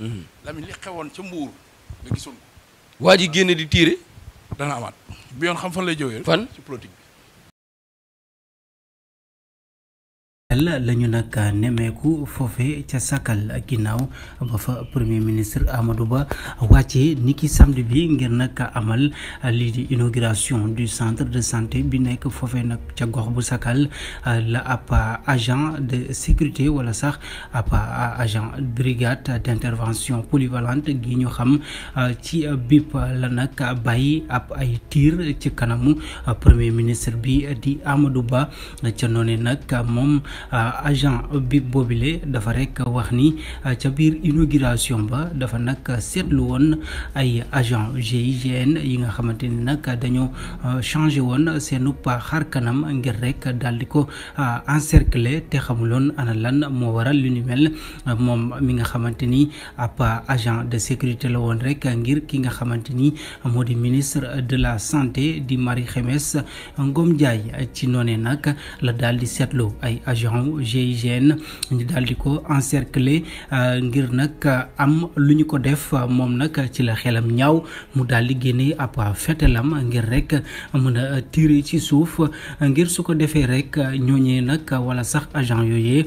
Mhm. Lamine li xewoon ca mbuur nga gisoon waa ji génne di tiire. dana amaat bi yoon xam fan lay jëwee. fan ci politique mel la ñu nag nemmeeku foofe ca Sakal ginnaaw ba fa premier ministre Amadou Ba wàccee niki samedi bi ngir nag amal lii di inauguration du centre de santé bi nekk foofe nag ca gox bu Sakal la ab agent de sécurité wala sax ab agent brigade d'intervention polyvalente gi ñu xam ci bip la nag bàyyi ab ay tiir ci kanamu premier ministre bi di Amadou Ba ca noonu nag moom Euh, agent bi boobile dafa rek wax ni euh, ca biir inauguration ba dafa nag seetlu woon ay agent GIGN yi nga xamante ni nag dañoo euh, changé woon seenu xar kanam ngir rek daal di ko encercler te xamuloon ana lan moo waral lu ni mel moom mi nga xamante ni ab agent de sécurité la woon rek ngir ki nga xamante ni moo di ministre de la santé di Marie Khemesse Ngom Ndiaye ci noonee nag la daal di seetlu ay agent agent GIGN ñu daal di ko encercler euh, ngir nag euh, am lu ñu ko def euh, moom nag ci la xelam ñaw mu daal di génne ab fetelam ngir rek mën a tirer ci suuf ngir su ko defee rek ñooñee nag wala sax agent yooyee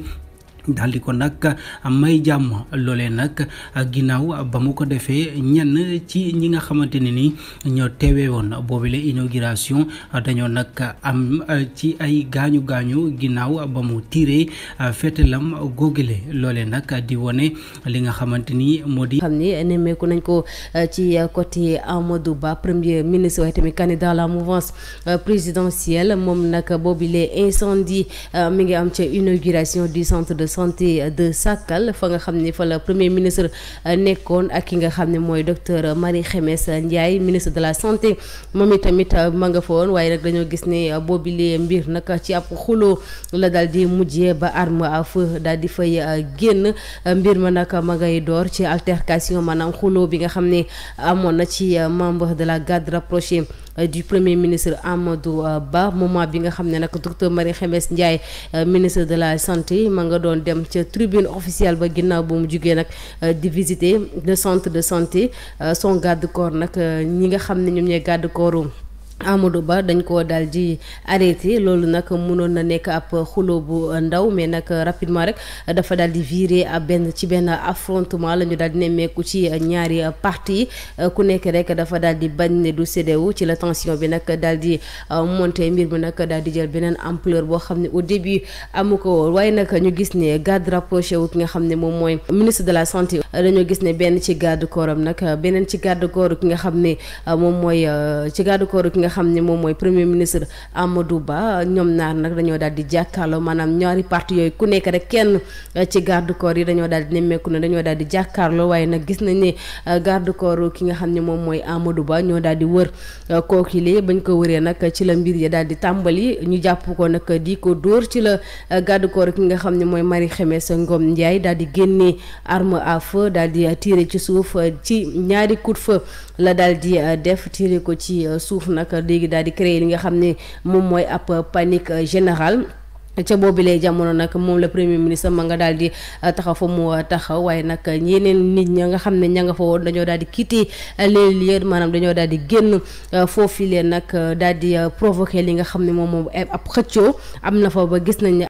daal di ko nag may jàmm loole nag ginnaaw ba mu ko defee ñenn ci ñi nga xamante ne ni ñoo teewee woon boobu la inauguration dañoo nag am ci ay gaañu gaañu ginnaaw ba mu tiiree lam góogale loolee nag di wone li nga xamante ni moo di. xam ni nemmeeku nañ ko euh, ci côté Amadou Ba premier ministre waaye tamit candidat la mouvance euh, présidentielle moom nag boobu la incendie euh, mi ngi am ca inauguration du centre de. santé de Sakal fa nga xam ne fa la premier ministre euh, nekkoon ak ki nga xam ne mooy docteur Marie Khemesse Ndiaye ministre de la santé moom itamit euh, ma nga fa woon waaye nag dañoo gis ne euh, boobilee mbir nag ci ab xuloo la daal di mujjee ba arme à feu daal di fay génn mbir ma nag ma ngay door ci altercation maanaam xuloo bi nga xam ne amoon na ci membre de la garde rapprochée Euh, du premier ministre Amadou euh, Ba moment bi nga xam ne nag docteur Marie Khemesse Ndiaye euh, ministre de la santé ma nga doon dem ca tribune officielle ba ginnaaw ba mu jugee nag di visiter de centre de santé son garde corps nag ñi nga xam ne ñoom ñooy garde corps Amadou Ba dañ koo daal di arrêté loolu nag mënoon na nekk ab xuloo bu ndaw mais nag rapidement rek dafa daal di viré benn ci benn affrontement la ñu daal di nemmeeku ci ñaari parti ku nekk rek dafa daal di bañ ne du séddewu ci la tension bi nag daal di euh, monté mbir mi nag daal di jël beneen ampleur boo xam ne au début amu ko waaye nag ñu gis ne garde rapproché wu ki nga xam ne moom mooy ministre de la santé dañoo gis ne benn ci garde nag beneen ci garde ki nga xam ne moom mooy ci garde corps ki nga xam ne moom mooy premier ministre Amadou Ba ñoom naar nag dañoo daal di jàkkaarloo maanaam ñaari parti yooyu ku nekk rek kenn ci garde corps yi dañoo daal di nemmeeku na dañoo daal di jàkkaarloo waaye nag gis nañ ne euh, garde corps ki nga xam ne moom mooy Amadou Ba ñoo daal di wër euh, kookile bañ ko wëree nag ci la mbir ya daal di tàmbali ñu jàpp ko nag di ko dóor ci la euh, garde corps ki nga xam ne mooy Marie Khemesse Ngom Ndiaye daal di génnee arme à daal di tiire ci suuf ci ñaari coup de la daal di euh, def tiré ko ci euh, suuf nag léegi daal di créer li nga xam ne moom mooy ab panique euh, générale. ca boobu jamono nag moom la premier ministre ma nga daal di taxaw fa mu taxaw waaye nag yeneen nit ña nga xam ne ña nga fa woon dañoo daal di quitté les lieux maanaam dañoo daal di génn foofu leen nag daal di provoqué li nga xam ne moom moom ab xëccoo am na fa ba gis nañ